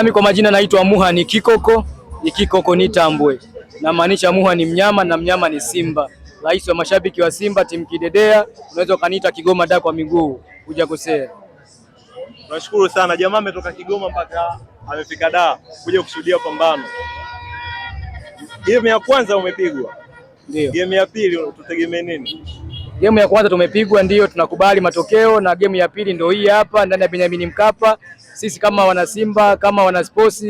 Nami kwa majina naitwa Muha ni Kikoko, ni Kikoko ni tambwe. Namaanisha Muha ni mnyama na mnyama ni Simba. Rais wa mashabiki wa Simba timu kidedea, unaweza ukaniita Kigoma da kwa miguu, huja kusea. Tunashukuru sana jamaa ametoka Kigoma mpaka amefika da kuja kushuhudia pambano. Game ya kwanza umepigwa. Ndio. Game ya pili tutegemee nini? Gemu ya kwanza tumepigwa, ndiyo tunakubali matokeo, na gemu ya pili ndio hii hapa ndani ya Benjamin Mkapa. Sisi kama wanasimba, kama wanasports,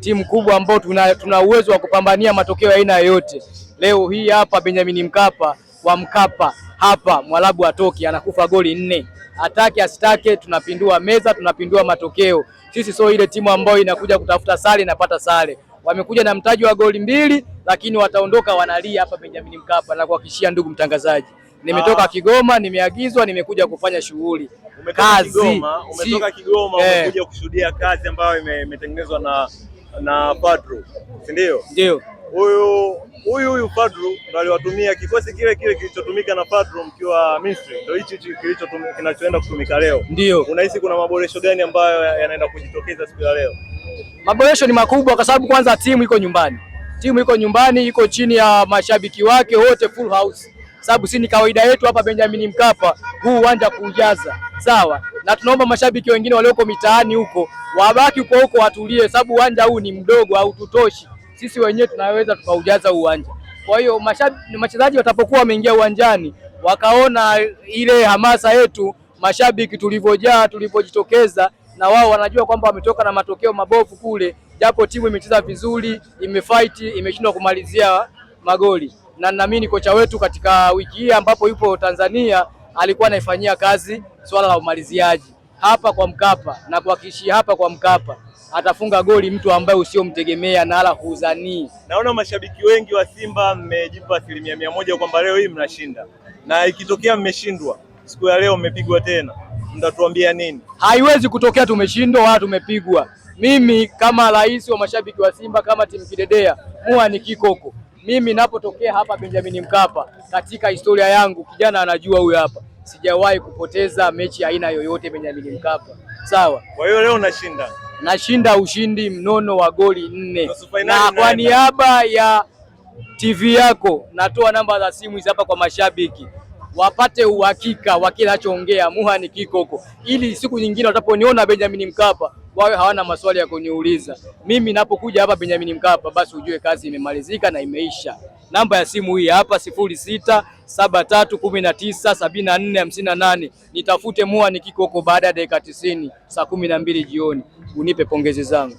timu kubwa ambao tuna, tuna uwezo wa kupambania matokeo aina yoyote. Leo hii hapa Benjamin Mkapa wa Mkapa hapa Mwarabu atoki anakufa goli nne, atake asitake, tunapindua meza, tunapindua matokeo. Sisi sio ile timu ambayo inakuja kutafuta sare, inapata sare. Wamekuja na mtaji wa goli mbili, lakini wataondoka wanalia hapa Benjamin Mkapa, na kuhakikishia ndugu mtangazaji Nimetoka ah. Kigoma, nimeagizwa, nimekuja kufanya shughuli kazi. umetoka Kigoma eh. umekuja kushuhudia kazi ambayo imetengenezwa na na Fadru, si ndio? Ndio. Huyu huyu huyu Fadru aliwatumia kikosi kile kile kilichotumika na Fadru mkiwa Misri, ndio hichi kilicho kinachoenda kutumika leo. Ndio. Unahisi kuna maboresho gani ambayo yanaenda kujitokeza siku ya leo? Maboresho ni makubwa kwa sababu kwanza timu iko nyumbani, timu iko nyumbani, iko chini ya mashabiki wake wote, full house sababu si ni kawaida yetu hapa Benjamin Mkapa huu uwanja kuujaza, sawa. Na tunaomba mashabiki wengine walioko mitaani huko wabaki huko huko, watulie, sababu uwanja huu ni mdogo, haututoshi sisi wenyewe tunaweza tukaujaza uwanja. Kwa hiyo wachezaji watapokuwa wameingia uwanjani wakaona ile hamasa yetu mashabiki tulivyojaa, tulivyojitokeza, na wao wanajua kwamba wametoka na matokeo mabovu kule, japo timu imecheza vizuri, imefight, imeshindwa kumalizia magoli na ninaamini kocha wetu katika wiki hii ambapo yupo Tanzania alikuwa anaifanyia kazi swala la umaliziaji hapa kwa Mkapa na kuhakikishia hapa kwa Mkapa atafunga goli mtu ambaye usiomtegemea na ala huzanii. Naona mashabiki wengi wa Simba mmejipa asilimia mia moja kwamba leo hii mnashinda, na ikitokea mmeshindwa siku ya leo mmepigwa tena, mtatuambia nini? Haiwezi kutokea tumeshindwa wala tumepigwa. Mimi kama rais wa mashabiki wa Simba, kama timu kidedea, mua ni kikoko mimi napotokea hapa Benjamin Mkapa, katika historia yangu, kijana anajua huyu hapa, sijawahi kupoteza mechi aina yoyote Benjamin Mkapa. Sawa. Kwa hiyo leo nashinda, nashinda ushindi mnono wa goli nne, na kwa niaba ya TV yako natoa namba za simu hizi hapa kwa mashabiki wapate uhakika wa kile anachoongea Muhani Kikoko, ili siku nyingine wataponiona Benjamin Mkapa wawe hawana maswali ya kuniuliza mimi. Napokuja hapa Benjamin Mkapa, basi ujue kazi imemalizika na imeisha. Namba ya simu hii hapa sifuri sita saba tatu kumi na tisa sabini na nne hamsini na nane. Nitafute mua nikiko huko baada ya dakika tisini saa kumi na mbili jioni, unipe pongezi zangu.